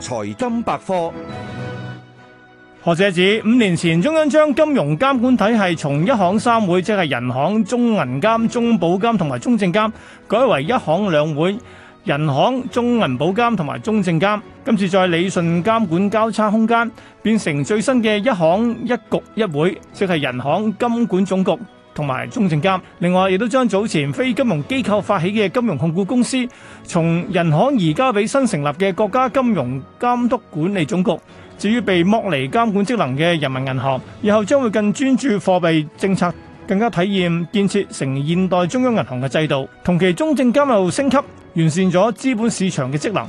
財金百科，學者指五年前中央將金融監管體系從一行三會，即係人行、中銀監、中保監同埋中證監，改為一行兩會，人行、中銀保監同埋中證監。今次再理順監管交叉空間，變成最新嘅一行一局一會，即係人行、金管總局。同埋中證監，另外亦都將早前非金融機構發起嘅金融控股公司，從人行移交俾新成立嘅國家金融監督管理總局。至於被剝離監管職能嘅人民銀行，以後將會更專注貨幣政策，更加體現建設成現代中央銀行嘅制度。同期，中證監又升級完善咗資本市場嘅職能。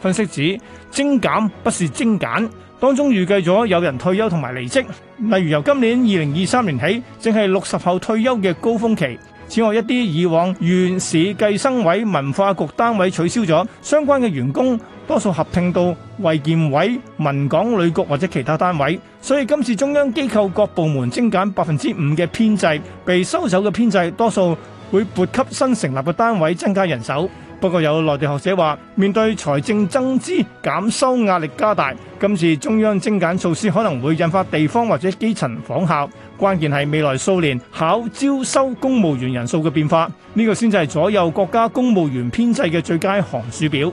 分析指精減不是精簡，當中預計咗有人退休同埋離職，例如由今年二零二三年起，正係六十後退休嘅高峰期。此外，一啲以往縣市計生委、文化局單位取消咗相關嘅員工，多數合併到衛健委、文廣旅局或者其他單位。所以今次中央機構各部門精簡百分之五嘅編制，被收走嘅編制多數會撥給新成立嘅單位增加人手。不過有內地學者話，面對財政增支減收壓力加大，今次中央精簡措施可能會引發地方或者基層仿效。關鍵係未來數年考招收公務員人數嘅變化，呢個先至係左右國家公務員編制嘅最佳行數表。